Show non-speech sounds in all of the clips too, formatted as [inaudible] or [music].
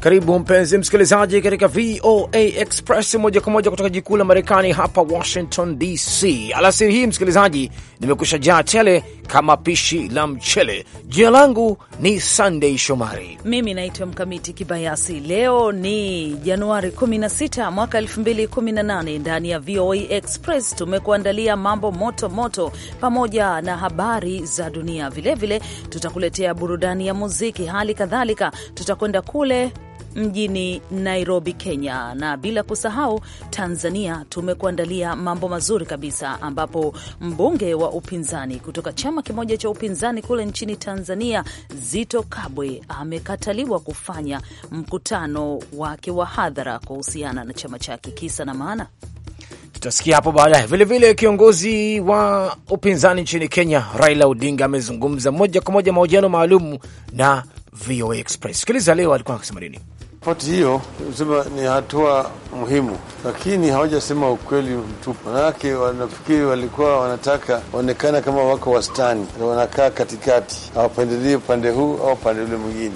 Karibu mpenzi msikilizaji katika VOA Express moja kwa moja kutoka jikuu la Marekani hapa Washington DC. Alasiri hii msikilizaji, nimekusha jaa tele kama pishi la mchele. Jina langu ni Sandey Shomari, mimi naitwa Mkamiti Kibayasi. Leo ni Januari 16 mwaka 2018. Ndani ya VOA Express tumekuandalia mambo moto moto pamoja na habari za dunia, vilevile tutakuletea burudani ya muziki, hali kadhalika tutakwenda kule mjini Nairobi, Kenya. Na bila kusahau Tanzania, tumekuandalia mambo mazuri kabisa, ambapo mbunge wa upinzani kutoka chama kimoja cha upinzani kule nchini Tanzania, Zito Kabwe, amekataliwa kufanya mkutano wake wa hadhara kuhusiana na chama chake. Kisa na maana tutasikia hapo baadaye. Vilevile, kiongozi wa upinzani nchini Kenya Raila Odinga amezungumza moja kwa moja mahojiano maalum na VOA Express. Sikiliza leo alikuwa akisema nini. Ripoti hiyo sema ni hatua muhimu, lakini hawajasema ukweli mtupu. Manake wanafikiri walikuwa wanataka waonekana kama wako wastani, wanakaa katikati, hawapendelii upande huu au upande ule mwingine.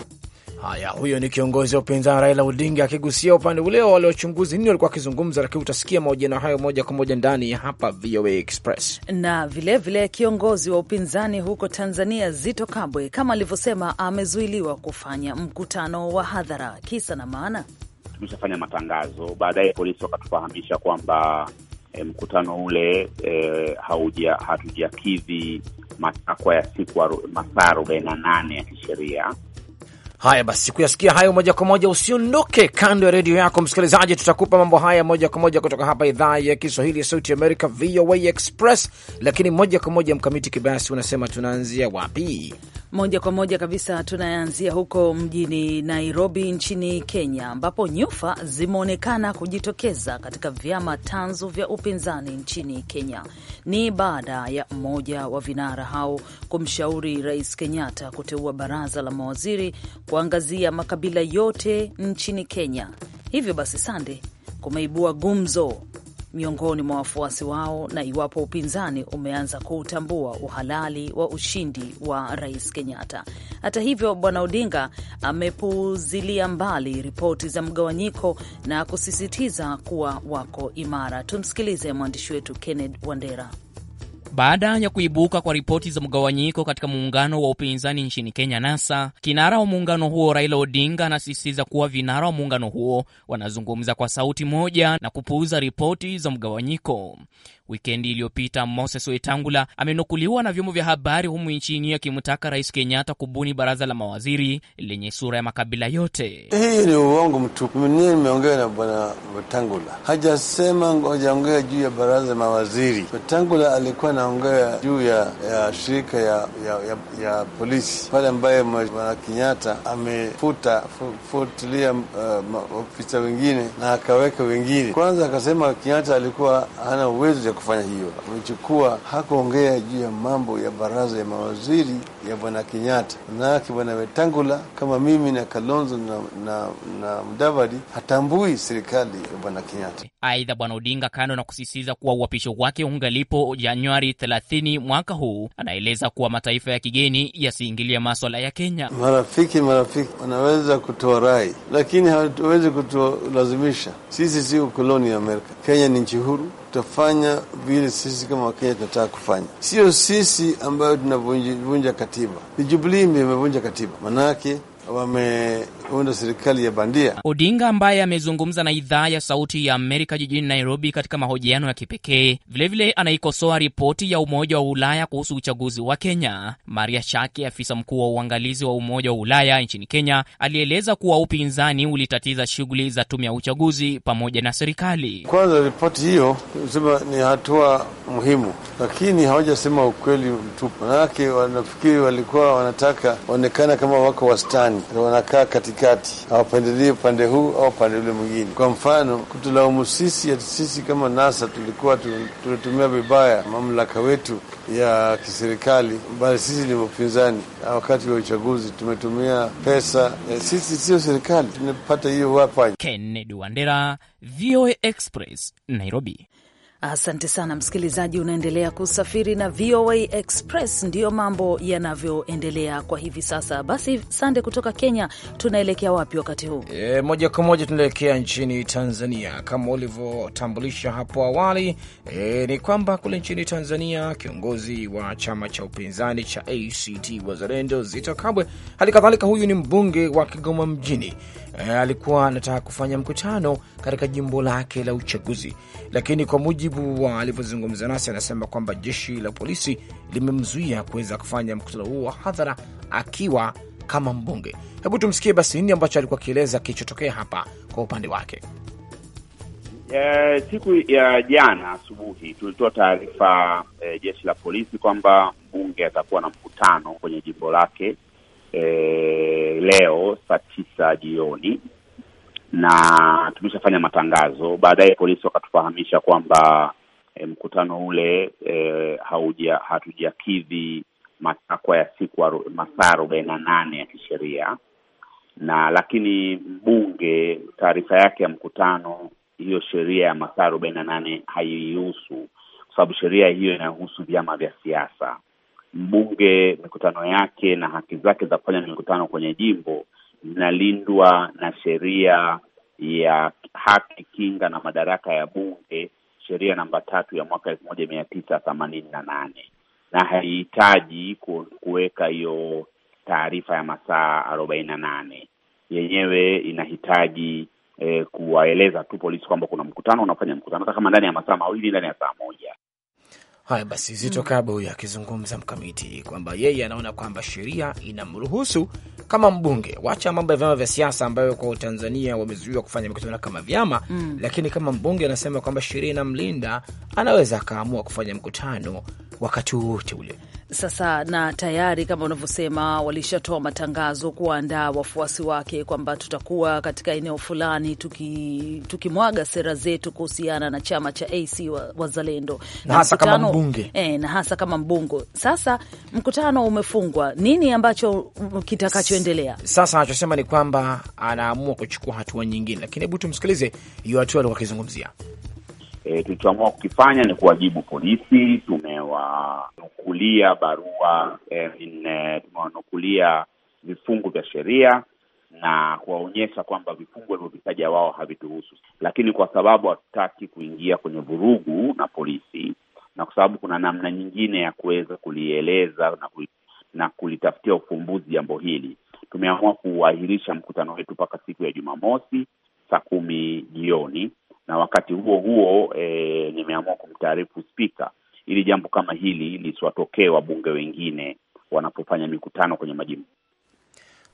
Haya, huyo ni kiongozi wa upinzani Raila Odinga akigusia upande ule wale wachunguzi nini walikuwa wakizungumza, lakini utasikia mahojiano hayo moja kwa moja ndani ya hapa VOA Express. Na vilevile vile kiongozi wa upinzani huko Tanzania Zito Kabwe, kama alivyosema, amezuiliwa kufanya mkutano wa hadhara. Kisa na maana, tumeshafanya matangazo, baadaye polisi wakatufahamisha kwamba e, mkutano ule e, hatujakidhi matakwa ya siku masaa arobaini na nane ya kisheria Haya basi, kuyasikia hayo moja kwa moja, usiondoke kando ya redio yako msikilizaji, tutakupa mambo haya moja kwa moja kutoka hapa idhaa ya Kiswahili ya sauti Amerika, VOA Express. Lakini moja kwa moja, Mkamiti Kibayasi, unasema tunaanzia wapi? Moja kwa moja kabisa tunaanzia huko mjini Nairobi nchini Kenya, ambapo nyufa zimeonekana kujitokeza katika vyama tanzu vya upinzani nchini Kenya. Ni baada ya mmoja wa vinara hao kumshauri Rais Kenyatta kuteua baraza la mawaziri kuangazia makabila yote nchini Kenya. Hivyo basi, Sande, kumeibua gumzo miongoni mwa wafuasi wao na iwapo upinzani umeanza kuutambua uhalali wa ushindi wa Rais Kenyatta. Hata hivyo, Bwana Odinga amepuuzilia mbali ripoti za mgawanyiko na kusisitiza kuwa wako imara. Tumsikilize mwandishi wetu Kenneth Wandera. Baada ya kuibuka kwa ripoti za mgawanyiko katika muungano wa upinzani nchini Kenya, NASA, kinara wa muungano huo Raila Odinga anasisitiza kuwa vinara wa muungano huo wanazungumza kwa sauti moja na kupuuza ripoti za mgawanyiko. Wikendi iliyopita Moses Wetangula amenukuliwa na vyombo vya habari humu nchini akimtaka Rais Kenyatta kubuni baraza la mawaziri lenye sura ya makabila yote. Hii ni uongo mtupu. Mimi nimeongea na bwana Wetangula, hajasema hajaongea juu ya baraza la mawaziri. Wetangula alikuwa anaongea juu ya, ya shirika ya, ya, ya, ya polisi pale ambaye bwana Kenyatta amefuta futilia uh, ofisa wengine na akaweka wengine. Kwanza akasema Kenyatta alikuwa hana uwezo kufanya hiyo. Amechukua hakuongea juu ya mambo ya baraza ya mawaziri ya bwana Kenyatta, manake bwana Wetangula kama mimi na Kalonzo na, na, na Mdavadi hatambui serikali ya bwana Kenyatta. Aidha, bwana Odinga, kando na kusisitiza kuwa uapisho wake ungalipo Januari 30 mwaka huu, anaeleza kuwa mataifa ya kigeni yasiingilia maswala ya Kenya. Marafiki marafiki wanaweza kutoa rai, lakini hawawezi kutulazimisha. Sisi si ukoloni ya Amerika. Kenya ni nchi huru tutafanya vile sisi kama Wakenya tunataka kufanya, sio sisi ambayo tunavunja katiba. Jubilee imevunja katiba, manake wame huenda serikali ya bandia. Odinga ambaye amezungumza na idhaa ya Sauti ya Amerika jijini Nairobi katika mahojiano ya kipekee, vilevile anaikosoa ripoti ya Umoja wa Ulaya kuhusu uchaguzi wa Kenya. Maria Shaki, afisa mkuu wa uangalizi wa Umoja wa Ulaya nchini Kenya, alieleza kuwa upinzani ulitatiza shughuli za tume ya uchaguzi pamoja na serikali. Kwanza ripoti hiyo sema ni hatua muhimu, lakini hawajasema ukweli mtupu, manake wanafikiri walikuwa wanataka waonekana kama wako wastani, wanakaa kati katikati, hawapendelii upande huu au upande ule mwingine. Kwa mfano, kutulaumu sisi ati sisi kama NASA tulikuwa tunatumia vibaya mamlaka wetu ya kiserikali, bali sisi ni wapinzani wakati wa uchaguzi, tumetumia pesa eh, sisi, sio serikali. Tumepata hiyo wapa. Kennedy Wandera, VOA Express, Nairobi. Asante sana msikilizaji, unaendelea kusafiri na VOA Express, ndiyo mambo yanavyoendelea kwa hivi sasa. Basi Sande, kutoka Kenya tunaelekea wapi wakati huu? E, moja kwa moja tunaelekea nchini Tanzania. Kama ulivyotambulisha hapo awali, e, ni kwamba kule nchini Tanzania kiongozi wa chama cha upinzani cha ACT Wazalendo Zito Kabwe, hali kadhalika huyu ni mbunge wa Kigoma mjini eh, alikuwa anataka kufanya mkutano katika jimbo lake la uchaguzi, lakini kwa mujibu wa alivyozungumza nasi, anasema kwamba jeshi la polisi limemzuia kuweza kufanya mkutano huo wa hadhara akiwa kama mbunge. Hebu tumsikie basi nini ambacho alikuwa akieleza kilichotokea hapa kwa upande wake. E, siku ya jana asubuhi tulitoa taarifa e, jeshi la polisi kwamba mbunge atakuwa na mkutano kwenye jimbo lake eh, leo saa tisa jioni na tumeshafanya matangazo. Baadaye polisi wakatufahamisha kwamba eh, mkutano ule eh, hatujakidhi matakwa ya siku masaa arobaini na nane ya kisheria na lakini mbunge taarifa yake ya mkutano, hiyo sheria ya masaa arobaini na nane haihusu, kwa sababu sheria hiyo inahusu vyama vya siasa mbunge mikutano yake na haki zake za kufanya mikutano kwenye jimbo zinalindwa na sheria ya haki, kinga na madaraka ya bunge, sheria namba tatu ya mwaka elfu moja mia tisa themanini na nane na haihitaji kuweka hiyo taarifa ya masaa arobaini na nane yenyewe inahitaji eh, kuwaeleza tu polisi kwamba kuna mkutano unafanya mkutano, hata kama ndani ya masaa mawili, ndani ya saa moja. Haya basi, Zito mm. Kaba huyo akizungumza mkamiti kwamba yeye anaona kwamba sheria inamruhusu kama mbunge, wacha mambo ya vyama vya siasa ambayo kwa Tanzania wamezuiwa kufanya mikutano kama vyama mm. Lakini kama mbunge anasema kwamba sheria inamlinda, anaweza akaamua kufanya mkutano wakati wowote ule. Sasa na tayari kama unavyosema, walishatoa matangazo kuwaandaa wafuasi wake kwamba tutakuwa katika eneo fulani tukimwaga tuki sera zetu kuhusiana na chama cha AC Wazalendo wa na, hasa e, kama na hasa kama mbungo. Eh, sasa mkutano umefungwa, nini ambacho kitakachoendelea sasa? Anachosema ni kwamba anaamua kuchukua hatua nyingine, lakini hebu tumsikilize hiyo hatua alikuwa akizungumzia. E, tulichoamua kukifanya ni kuwajibu polisi. Tumewanukulia barua e, e, tumewanukulia vifungu vya sheria na kuwaonyesha kwamba vifungu walivyovitaja wao havituhusu, lakini kwa sababu hatutaki kuingia kwenye vurugu na polisi na kwa sababu kuna namna nyingine ya kuweza kulieleza na, kul, na kulitafutia ufumbuzi jambo hili, tumeamua kuahirisha mkutano wetu mpaka siku ya Jumamosi saa kumi jioni na wakati huo huo e, nimeamua kumtaarifu spika ili jambo kama hili lisiwatokee wabunge wengine wanapofanya mikutano kwenye majimbo.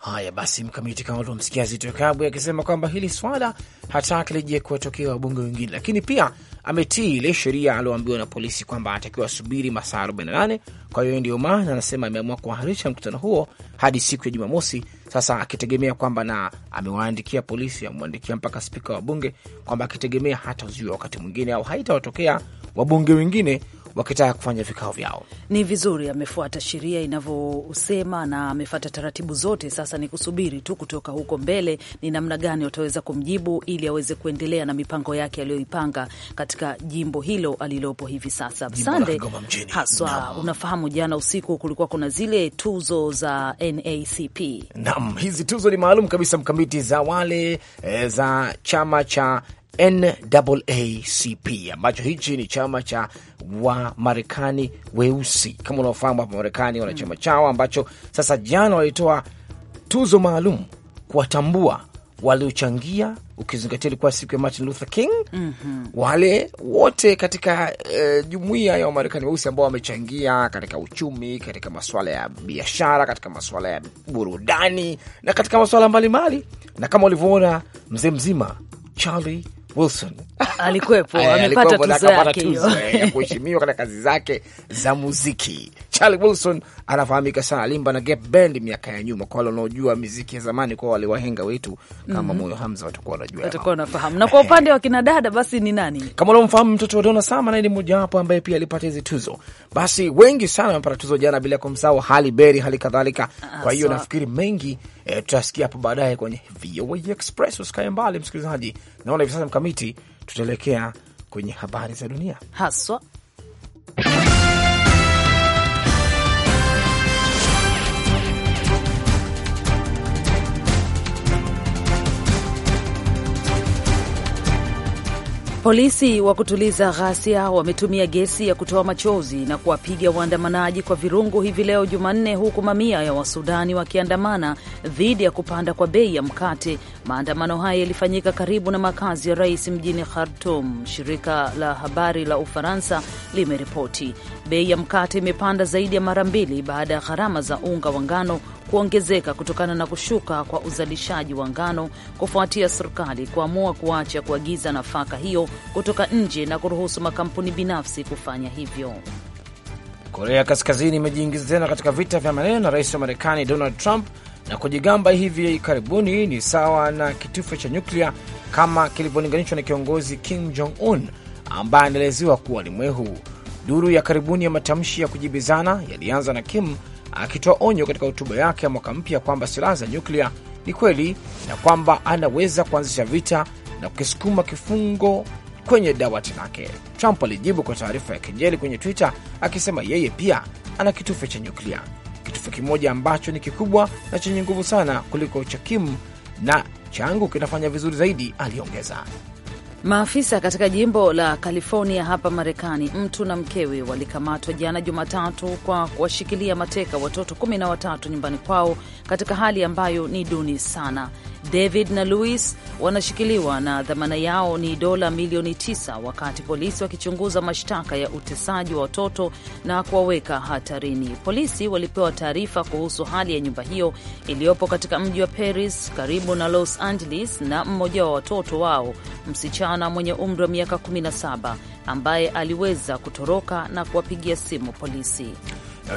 Haya basi, mkamiti kama tuamsikia Zito Kabwe akisema kwamba hili swala hataki lije kuwatokea wabunge wengine, lakini pia ametii ile sheria alioambiwa na polisi kwamba atakiwa asubiri masaa 48. Kwa hiyo ndio maana anasema ameamua kuahirisha mkutano huo hadi siku ya Jumamosi, sasa akitegemea kwamba, na amewaandikia polisi, amwandikia mpaka spika wa bunge kwamba akitegemea hata hatazuiwa wakati mwingine au haitawatokea wabunge wengine wakitaka kufanya vikao vyao. Ni vizuri amefuata sheria inavyosema na amefuata taratibu zote. Sasa ni kusubiri tu kutoka huko mbele ni namna gani wataweza kumjibu ili aweze kuendelea na mipango yake aliyoipanga katika jimbo hilo alilopo hivi sasa. Sande haswa, unafahamu jana usiku kulikuwa kuna zile tuzo za NACP. Naam, hizi tuzo ni maalum kabisa mkamiti za wale e, za chama cha NAACP ambacho hichi ni chama cha Wamarekani weusi. Kama unaofahamu hapa Marekani wana chama chao ambacho sasa jana walitoa tuzo maalum kuwatambua waliochangia, ukizingatia ilikuwa siku ya Martin Luther King mm -hmm. wale wote katika e, jumuiya ya Wamarekani weusi ambao wamechangia katika uchumi, katika masuala ya biashara, katika masuala ya burudani na katika masuala mbalimbali, na kama ulivyoona mzee mzima Charlie Wilson [laughs] alikuwepo eh, amepata tuzo yake ya kuheshimiwa katika kazi zake za muziki. Charlie Wilson anafahamika sana, alimba na Gap Band miaka ya nyuma. Kwa wale wanaojua miziki ya zamani, kwa wale wahenga wetu kama mm -hmm. Moyo Hamza watakuwa wanajua, watakuwa wanafahamu. Na kwa upande wa kina dada, basi ni nani kama unamfahamu? Mtoto wa Donna Summer, naye ni mmoja wapo ambaye pia alipata hizi tuzo. Basi wengi sana wamepata tuzo jana, bila kumsahau Halle Berry hali kadhalika. Ah, kwa hiyo nafikiri mengi eh, tutasikia hapo baadaye kwenye VOA Express. Usikae mbali msikilizaji, naona hivi sasa mkamiti, tutaelekea kwenye habari za dunia haswa Polisi wa kutuliza ghasia wametumia gesi ya kutoa machozi na kuwapiga waandamanaji kwa virungu hivi leo Jumanne, huku mamia ya Wasudani wakiandamana dhidi ya kupanda kwa bei ya mkate. Maandamano haya yalifanyika karibu na makazi ya rais mjini Khartum, shirika la habari la Ufaransa limeripoti. Bei ya mkate imepanda zaidi ya mara mbili baada ya gharama za unga wa ngano kuongezeka kutokana na kushuka kwa uzalishaji wa ngano kufuatia serikali kuamua kuacha kuagiza nafaka hiyo kutoka nje na kuruhusu makampuni binafsi kufanya hivyo. Korea Kaskazini imejiingiza tena katika vita vya maneno na rais wa Marekani Donald Trump na kujigamba hivi karibuni ni sawa na kitufe cha nyuklia kama kilivyolinganishwa na kiongozi Kim Jong Un ambaye anaelezewa kuwa ni mwehu. Duru ya karibuni ya matamshi ya kujibizana yalianza na Kim akitoa onyo katika hotuba yake ya mwaka mpya kwamba silaha za nyuklia ni kweli na kwamba anaweza kuanzisha vita na kukisukuma kifungo kwenye dawati lake. Trump alijibu kwa taarifa ya kejeli kwenye Twitter akisema yeye pia ana kitufe cha nyuklia, kitufe kimoja ambacho ni kikubwa na chenye nguvu sana kuliko cha Kim na changu kinafanya vizuri zaidi, aliongeza. Maafisa katika jimbo la California hapa Marekani, mtu na mkewe walikamatwa jana Jumatatu kwa kuwashikilia mateka watoto kumi na watatu nyumbani kwao katika hali ambayo ni duni sana. David na Louis wanashikiliwa na dhamana yao ni dola milioni tisa wakati polisi wakichunguza mashtaka ya utesaji wa watoto na kuwaweka hatarini. Polisi walipewa taarifa kuhusu hali ya nyumba hiyo iliyopo katika mji wa Paris karibu na Los Angeles, na mmoja wa watoto wao msichana msichana mwenye umri wa miaka 17 ambaye aliweza kutoroka na kuwapigia simu polisi.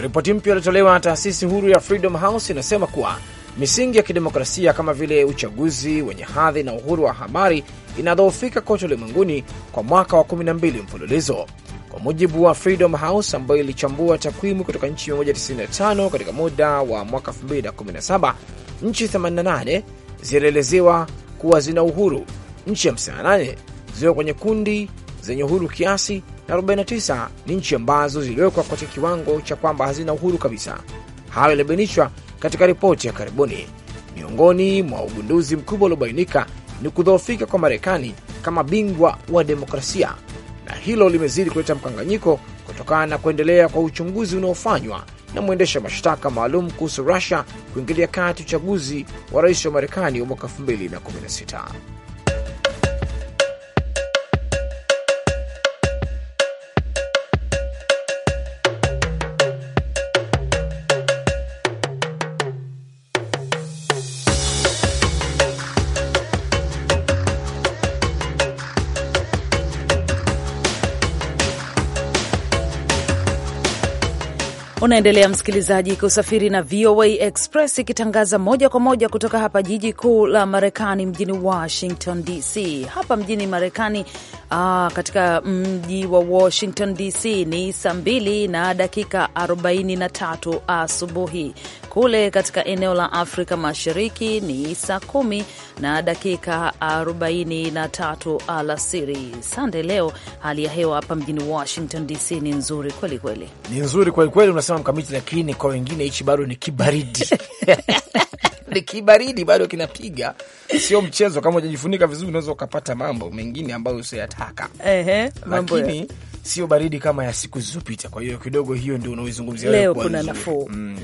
Ripoti mpya iliyotolewa na taasisi huru ya Freedom House inasema kuwa misingi ya kidemokrasia kama vile uchaguzi wenye hadhi na uhuru wa habari inadhoofika kote ulimwenguni kwa mwaka wa 12 mfululizo. Kwa mujibu wa Freedom House ambayo ilichambua takwimu kutoka nchi 195 katika muda wa mwaka 2017, nchi 88 zilielezewa kuwa zina uhuru Nchi 58 ziko kwenye kundi zenye uhuru kiasi na 49 ni nchi ambazo ziliwekwa katika kiwango cha kwamba hazina uhuru kabisa. Hayo yalibainishwa katika ripoti ya karibuni. Miongoni mwa ugunduzi mkubwa uliobainika ni kudhoofika kwa Marekani kama bingwa wa demokrasia, na hilo limezidi kuleta mkanganyiko kutokana na kuendelea kwa uchunguzi unaofanywa na mwendesha mashtaka maalum kuhusu Rusia kuingilia kati uchaguzi wa rais wa Marekani wa mwaka 2016. Unaendelea msikilizaji kusafiri na VOA Express ikitangaza moja kwa moja kutoka hapa jiji kuu la Marekani, mjini Washington DC. Hapa mjini Marekani, aa, ah, katika mji wa Washington DC ni saa 2 na dakika 43 asubuhi. Kule katika eneo la Afrika Mashariki ni saa kumi na dakika 43 alasiri. Sande, leo hali ya hewa hapa mjini Washington DC ni nzuri kwelikweli, ni nzuri kwelikweli, unasema Mkamiti, lakini kwa wengine hichi bado ni kibaridi [laughs] ni kibaridi bado kinapiga, sio mchezo. Kama ujajifunika vizuri, unaweza ukapata mambo mengine ambayo usiyataka. lakini sio baridi kama ya siku zilizopita. Kwa hiyo kidogo hiyo ndio unaoizungumzia leo, kuna nafuu mm,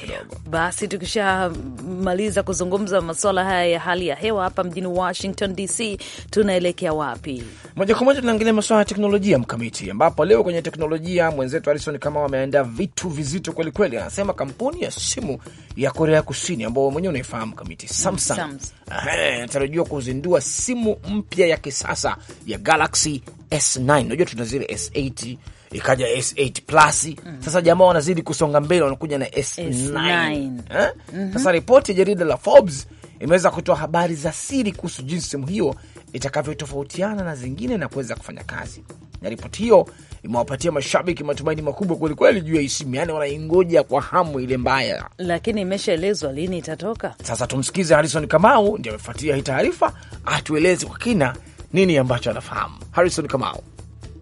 kidogo. Basi tukishamaliza kuzungumza masuala haya ya hali ya hewa hapa mjini Washington DC, tunaelekea wapi? Moja kwa moja tunaangalia masuala ya teknolojia mkamiti, ambapo leo kwenye teknolojia mwenzetu Harrison kama wameandaa vitu vizito kwelikweli. Anasema kampuni ya simu ya Korea Kusini ambao mwenyewe unaifahamu kamiti, Samsung inatarajiwa kuzindua simu mpya ya kisasa ya Galaxy S9, unajua tuna zile S8 ikaja S8 plus mm. Sasa jamaa wanazidi kusonga mbele, wanakuja na S9, S9. Mm -hmm. Sasa ripoti ya jarida la Forbes imeweza kutoa habari za siri kuhusu jinsi simu hiyo itakavyotofautiana na zingine na kuweza kufanya kazi, na ripoti hiyo imewapatia mashabiki matumaini makubwa kwelikweli juu ya isimu, yaani wanaingoja kwa hamu ile mbaya, lakini imeshaelezwa lini itatoka. Sasa tumsikize Harison Kamau, ndio amefuatilia hii taarifa, atueleze kwa kina nini ambacho anafahamu? Harrison Kamau.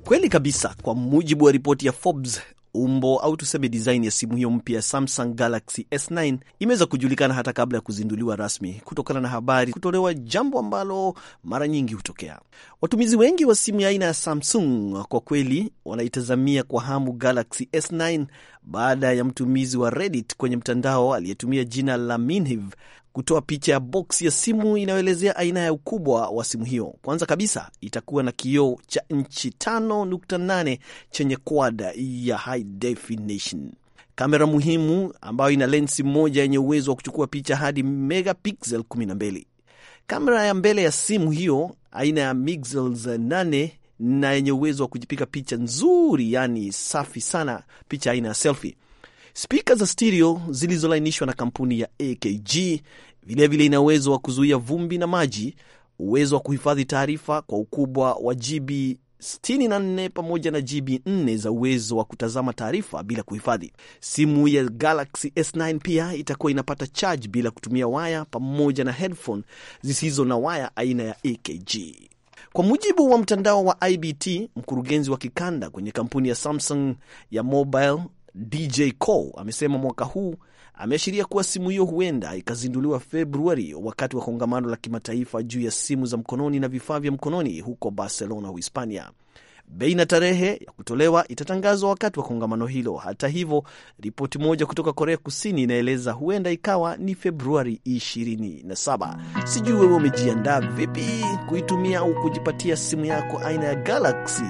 Kweli kabisa, kwa mujibu wa ripoti ya Forbes, umbo au tuseme design ya simu hiyo mpya ya Samsung Galaxy S9 imeweza kujulikana hata kabla ya kuzinduliwa rasmi, kutokana na habari kutolewa, jambo ambalo mara nyingi hutokea. Watumizi wengi wa simu ya aina ya Samsung kwa kweli wanaitazamia kwa hamu Galaxy S9 baada ya mtumizi wa Reddit kwenye mtandao aliyetumia jina la Minhiv kutoa picha ya box ya simu inayoelezea aina ya ukubwa wa simu hiyo. Kwanza kabisa itakuwa na kioo cha inchi 5.8 chenye kwada ya high definition, kamera muhimu ambayo ina lensi moja yenye uwezo wa kuchukua picha hadi megapixel 12. Kamera ya mbele ya simu hiyo aina ya megapixels 8 na yenye uwezo wa kujipiga picha nzuri, yani safi sana, picha aina ya selfie. Spika za stereo zilizolainishwa na kampuni ya AKG vilevile ina uwezo wa kuzuia vumbi na maji, uwezo wa kuhifadhi taarifa kwa ukubwa wa GB 64 pamoja na GB 4 za uwezo wa kutazama taarifa bila kuhifadhi. Simu ya Galaxy S9 pia itakuwa inapata charge bila kutumia waya pamoja na headphone zisizo na waya aina ya AKG. Kwa mujibu wa mtandao wa IBT, mkurugenzi wa kikanda kwenye kampuni ya Samsung ya mobile DJ Cole amesema mwaka huu ameashiria kuwa simu hiyo huenda ikazinduliwa Februari wakati wa kongamano la kimataifa juu ya simu za mkononi na vifaa vya mkononi huko Barcelona, Uhispania. Bei na tarehe ya kutolewa itatangazwa wakati wa kongamano hilo. Hata hivyo, ripoti moja kutoka Korea Kusini inaeleza huenda ikawa ni Februari 27. Sijui wewe umejiandaa vipi kuitumia au kujipatia simu yako aina ya Galaxy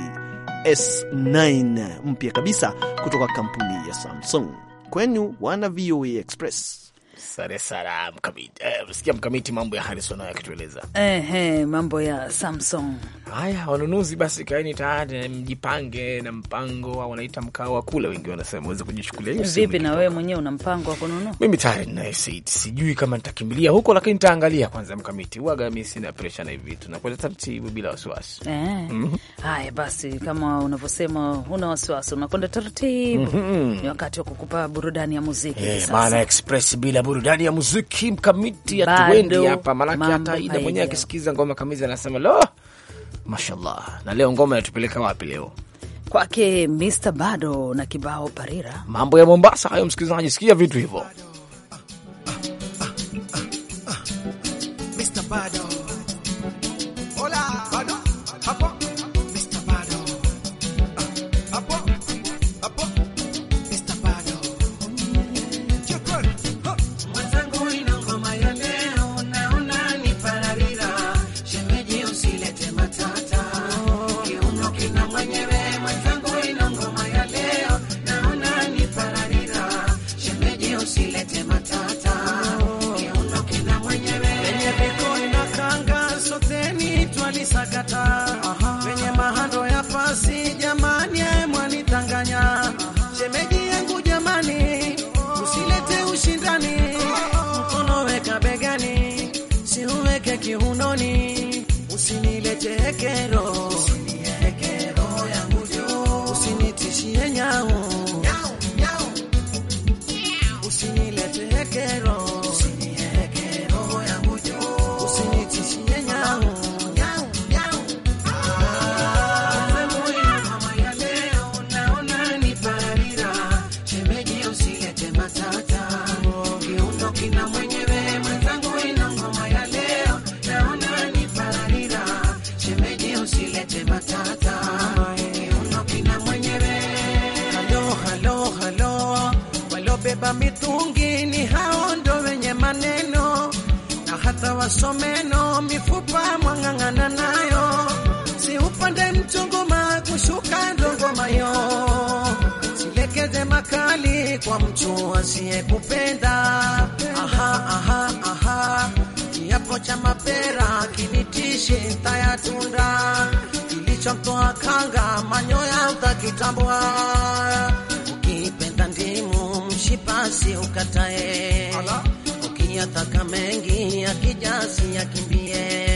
S9 mpya kabisa kutoka kampuni ya Samsung. Kwenu wana VOA Express. Sare sara mkamiti. Eh, sikia mkamiti mambo ya Harrison akitueleza. Eh, eh, mambo ya Samsung. Haya, wanunuzi basi kaeni tayari mjipange na mpango au wanaita mkao wa kula wengi wanasema uweze kujichukulia hiyo. Vipi na wewe mwenyewe una mpango wa kununua? Mimi tayari nina seat. Sijui kama nitakimbilia huko lakini nitaangalia kwanza mkamiti. Huaga mimi sina pressure na hivi vitu. Na kwa taratibu bila wasiwasi. Eh. Mm -hmm. Haya basi kama unavyosema huna wasiwasi unakwenda taratibu. Mm -hmm. Ni wakati wa kukupa burudani ya muziki. Eh, maana express bila burudani ya muziki mkamiti ya hapa maanake, hata Ida mwenyewe akisikiza ngoma kamizi anasema lo, mashallah. Na leo ngoma inatupeleka wapi leo? Kwake Mr Bado na kibao Parira, mambo ya Mombasa hayo. Msikilizaji, sikia vitu hivyo. ukiataka mengi akijasi akimbie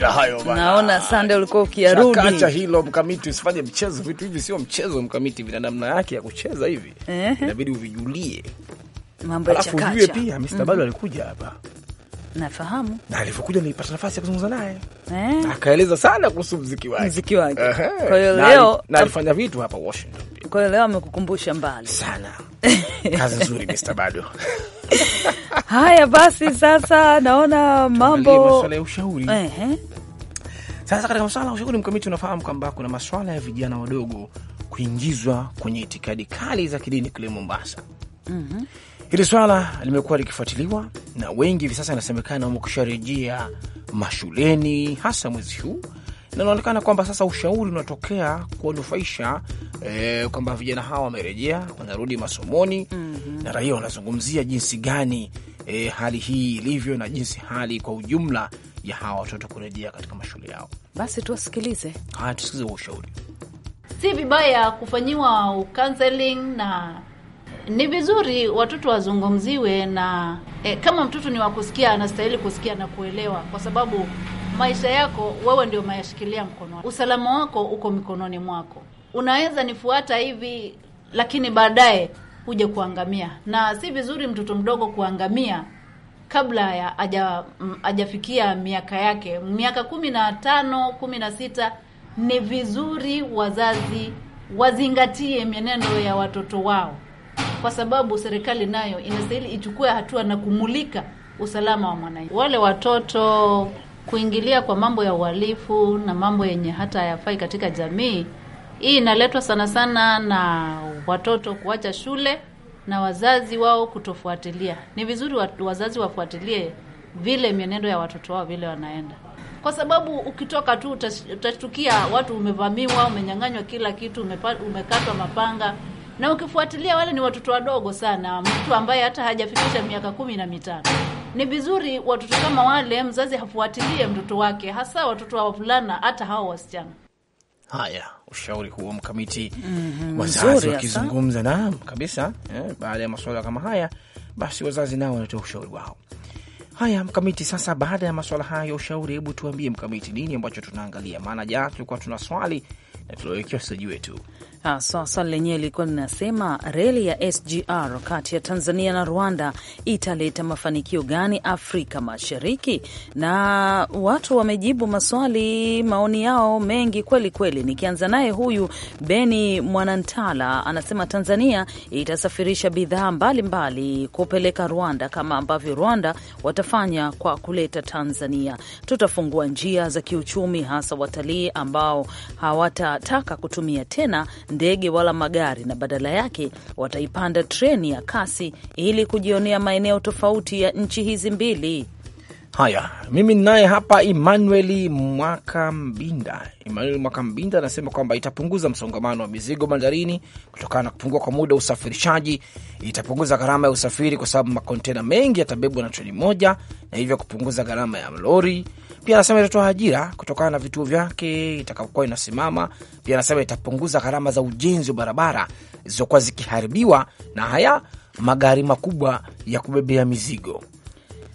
Mazingira hayo bana. Naona Sunday ulikuwa ukiarudi. Acha hilo mkamiti, usifanye mchezo, vitu hivi sio mchezo mkamiti, vina namna yake ya kucheza hivi. Inabidi uvijulie. Mambo ya chakacha. Alafu ujue pia Mr. Mhm. Bado mm -hmm. alikuja hapa. Nafahamu. Na alivyokuja nilipata nafasi ya kuzungumza naye. Eh. Akaeleza sana kuhusu muziki wake. Muziki wake. Kwa hiyo leo na alifanya vitu hapa Washington. Kwa hiyo leo amekukumbusha mbali. Sana. [laughs] Kazi nzuri Mr. Bado. [laughs] Haya basi, sasa naona mambo masuala ya ushauri. Ehe. Sasa katika masuala ya ushauri mkamiti, unafahamu kwamba kuna masuala ya vijana wadogo kuingizwa kwenye itikadi kali za kidini kule Mombasa. mm -hmm. Hili swala limekuwa likifuatiliwa na wengi hivi sasa, inasemekana wamekusharejea mashuleni hasa mwezi huu, na inaonekana kwamba sasa ushauri unatokea kuwanufaisha eh, kwamba vijana hawa wamerejea wanarudi masomoni. mm -hmm. na raia wanazungumzia jinsi gani e, hali hii ilivyo na jinsi hali kwa ujumla ya hawa watoto kurejea katika mashule yao. Basi tuwasikilize. Haya, tusikilize huo ushauri. Si vibaya kufanyiwa counseling na ni vizuri watoto wazungumziwe na e, kama mtoto ni wa kusikia anastahili kusikia na kuelewa, kwa sababu maisha yako wewe ndio unayashikilia mkono. Usalama wako uko mikononi mwako. Unaweza nifuata hivi, lakini baadaye huje kuangamia, na si vizuri mtoto mdogo kuangamia kabla ya aja, mm, ajafikia miaka yake, miaka kumi na tano kumi na sita. Ni vizuri wazazi wazingatie mienendo ya watoto wao, kwa sababu serikali nayo inastahili ichukue hatua na kumulika usalama wa mwananchi. Wale watoto kuingilia kwa mambo ya uhalifu na mambo yenye hata hayafai katika jamii hii inaletwa sana sana na watoto kuacha shule na wazazi wao kutofuatilia. Ni vizuri wazazi wafuatilie vile mienendo ya watoto wao vile wanaenda, kwa sababu ukitoka tu utashtukia watu umevamiwa, umenyang'anywa kila kitu, umekatwa mapanga. Na ukifuatilia wale ni watoto wadogo sana, mtu ambaye hata hajafikisha miaka kumi na mitano. Ni vizuri watoto kama wale mzazi hafuatilie mtoto wake, hasa watoto wa wavulana, hata hao wasichana. Haya, ushauri huo mkamiti, mm -hmm, wazazi wakizungumza naam kabisa eh, baada ya masuala kama haya, basi wazazi nao wanatoa ushauri wao. Haya mkamiti, sasa baada ya masuala haya ya ushauri, hebu tuambie mkamiti, nini ambacho tunaangalia? Maana jana tulikuwa tuna swali na tuliwekewa steji wetu Haswa swali lenyewe ilikuwa linasema reli ya SGR kati ya Tanzania na Rwanda italeta mafanikio gani Afrika Mashariki? Na watu wamejibu maswali, maoni yao mengi kweli kweli. Nikianza naye huyu Beni Mwanantala anasema Tanzania itasafirisha bidhaa mbalimbali kupeleka Rwanda kama ambavyo Rwanda watafanya kwa kuleta Tanzania. Tutafungua njia za kiuchumi, hasa watalii ambao hawatataka kutumia tena ndege wala magari, na badala yake wataipanda treni ya kasi ili kujionea maeneo tofauti ya nchi hizi mbili. Haya, mimi ninaye hapa Emmanuel Mwaka Mbinda. Emmanuel Mwaka Mbinda anasema kwamba itapunguza msongamano wa mizigo bandarini kutokana na kupungua kwa muda wa usafirishaji. Itapunguza gharama ya usafiri kwa sababu makontena mengi yatabebwa na treni moja, na hivyo kupunguza gharama ya lori. Pia anasema itatoa ajira kutokana na vituo vyake itakapokuwa inasimama. Pia anasema itapunguza gharama za ujenzi wa barabara zilizokuwa zikiharibiwa na haya magari makubwa ya kubebea mizigo.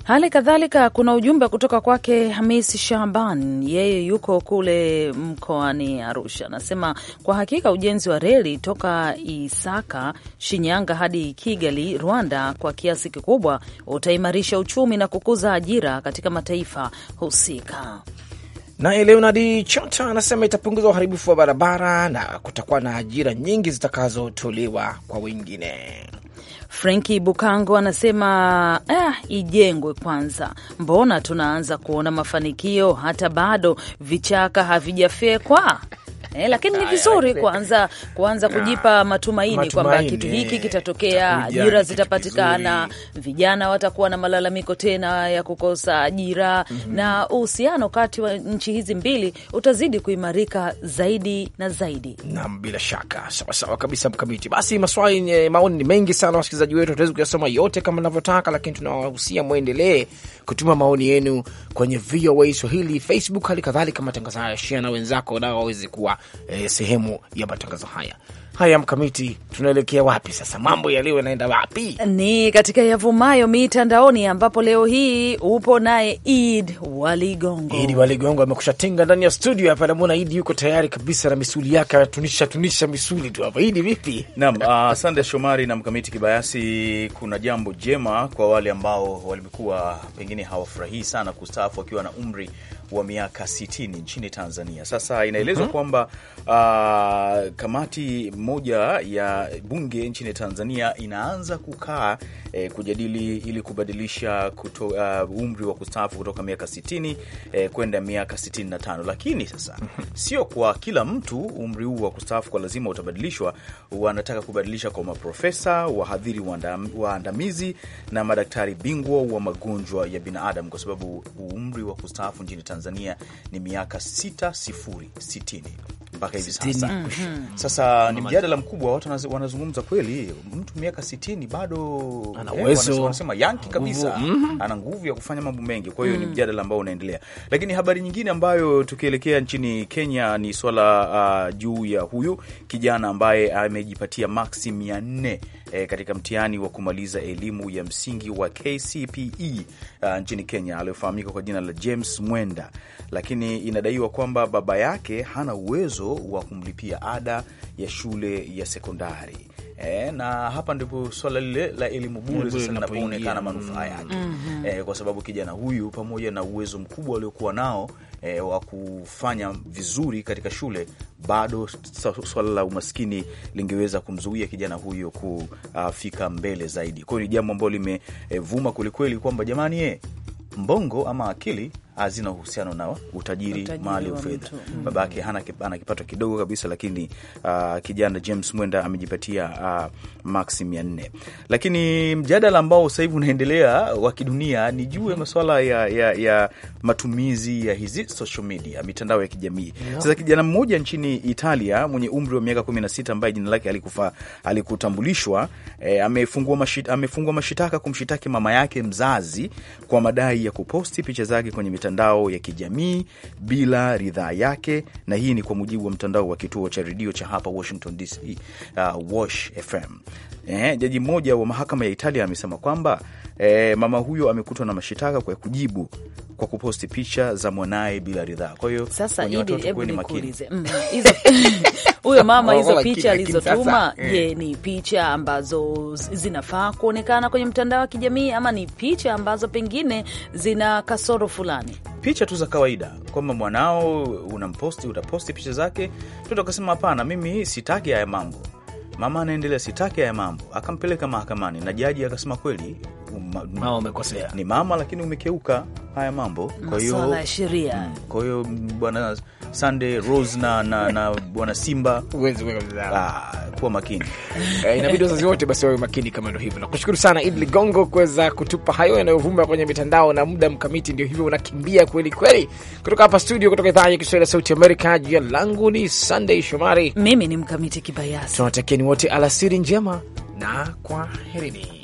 Hali kadhalika kuna ujumbe kutoka kwake Hamis Shaban, yeye yuko kule mkoani Arusha. Anasema kwa hakika ujenzi wa reli toka Isaka, Shinyanga hadi Kigali, Rwanda, kwa kiasi kikubwa utaimarisha uchumi na kukuza ajira katika mataifa husika. Naye leonad Chota anasema itapunguza uharibifu wa barabara na kutakuwa na ajira nyingi zitakazotolewa kwa wengine. Frenki Bukango anasema eh, ijengwe kwanza, mbona tunaanza kuona mafanikio hata bado vichaka havijafyekwa? eh, lakini ni vizuri kwanza kuanza ah, kujipa matumaini, matumaini kwamba kitu hiki kitatokea, ajira zitapatikana, vijana watakuwa na malalamiko tena ya kukosa ajira mm -hmm. na uhusiano kati wa nchi hizi mbili utazidi kuimarika zaidi na zaidi. Naam, bila shaka, sawasawa kabisa mkamiti. Basi maswali, maoni ni mengi sana, wasikilizaji wetu, hatuwezi kuyasoma yote kama navyotaka, lakini tunawahusia mwendelee kutuma maoni yenu kwenye VOA Swahili Facebook, hali kadhalika matangazo haya shia na wenzako nao waweze kuwa eh, sehemu ya matangazo haya. Haya, Mkamiti, tunaelekea wapi sasa? Mambo yaliyo yanaenda wapi? Ni katika yavumayo mitandaoni, ambapo leo hii upo naye Id Waligongo. Id Waligongo amekusha tinga ndani ya studio hapa, namwona Id yuko tayari kabisa na misuli yake anatunisha tunisha misuli tu hapa. Idi vipi? Naam, ah, asante uh, Shomari na Mkamiti Kibayasi. Kuna jambo jema kwa wale ambao walikuwa pengine hawafurahii sana kustaafu wakiwa na umri wa miaka 60 nchini Tanzania. Sasa inaelezwa mm -hmm. kwamba uh, kamati moja ya bunge nchini Tanzania inaanza kukaa e, kujadili ili kubadilisha kuto, uh, umri wa kustaafu kutoka miaka 60 e, eh, kwenda miaka 65, lakini sasa [laughs] sio kwa kila mtu umri huu wa kustaafu kwa lazima utabadilishwa. Wanataka kubadilisha kwa maprofesa, wahadhiri waandamizi na madaktari bingwa wa magonjwa ya binadamu, kwa sababu umri wa kustaafu nchini Tanzania ni miaka 6 60 mpaka hivi sasa mm -hmm. Sasa ni mjadala mkubwa, watu wanazungumza kweli, mtu miaka sitini bado ana eh, uwezo, wanasema yanki kabisa mm -hmm. ana nguvu ya kufanya mambo mengi, kwa hiyo mm -hmm. ni mjadala ambao unaendelea, lakini habari nyingine ambayo tukielekea nchini Kenya ni swala uh, juu ya huyu kijana ambaye amejipatia maksi mia nne eh, katika mtihani wa kumaliza elimu ya msingi wa KCPE uh, ah, nchini Kenya aliyofahamika kwa jina la James Mwenda, lakini inadaiwa kwamba baba yake hana uwezo wa kumlipia ada ya shule ya sekondari. E, na hapa ndipo swala lile la elimu bure sasa linapoonekana manufaa yake, mm -hmm. E, kwa sababu kijana huyu pamoja na uwezo mkubwa aliokuwa nao e, wa kufanya vizuri katika shule, bado swala la umaskini lingeweza kumzuia kijana huyo kufika mbele zaidi. Kwa hiyo ni jambo ambalo limevuma kwelikweli kwamba jamani, eh, mbongo ama akili hazina ah, uhusiano na utajiri, utajiri mali ufedha. fedha. Mm. Baba yake ana kipato kidogo kabisa, lakini uh, kijana James Mwenda amejipatia uh, max mia nne. Lakini mjadala ambao sasa hivi unaendelea wa kidunia ni juu ya masuala ya, ya, ya matumizi ya hizi social media, mitandao ya kijamii yeah. Sasa kijana mmoja nchini Italia mwenye umri wa miaka 16 ambaye jina lake alikufa alikutambulishwa eh, amefungua mashit, amefungua mashitaka kumshitaki mama yake mzazi kwa madai ya kuposti picha zake kwenye mitandao mitandao ya kijamii bila ridhaa yake, na hii ni kwa mujibu wa mtandao wa kituo cha redio cha hapa Washington DC, uh, Wash FM. Eh, jaji mmoja wa mahakama ya Italia amesema kwamba E, mama huyo amekutwa na mashitaka kwa kujibu kwa kuposti picha za mwanaye bila ridhaa. Kwa hiyo sasa, hebu nikuulize mm, [laughs] huyo mama hizo picha alizotuma, eh. je, ni picha ambazo zinafaa kuonekana kwenye mtandao wa kijamii ama ni picha ambazo pengine zina kasoro fulani? Picha tu za kawaida, kwamba mwanao unamposti, utaposti picha zake, mtoto akasema hapana, mimi sitaki haya mambo Mama anaendelea, sitaki haya mambo. Akampeleka mahakamani na jaji akasema kweli mama umekosea, ni mama, lakini umekeuka haya mambo, kwa hiyo sheria. Mm, kwa hiyo bwana Sunday Rose na, na, na bwana Simba uwezi kuweka mzaha. Kuwa makini eh, inabidi wazazi wote basi wawe makini, kama ndio hivyo. Nakushukuru sana Idli Ligongo kuweza kutupa hayo yanayovuma kwenye mitandao na muda mkamiti, ndio hivyo unakimbia kweli kweli. Kutoka hapa studio, kutoka idhaa ya Kiswahili ya Sauti Amerika, jina langu ni Sunday Shomari, mimi ni mkamiti Kibayasi. Tunawatakieni wote alasiri njema na kwaherini.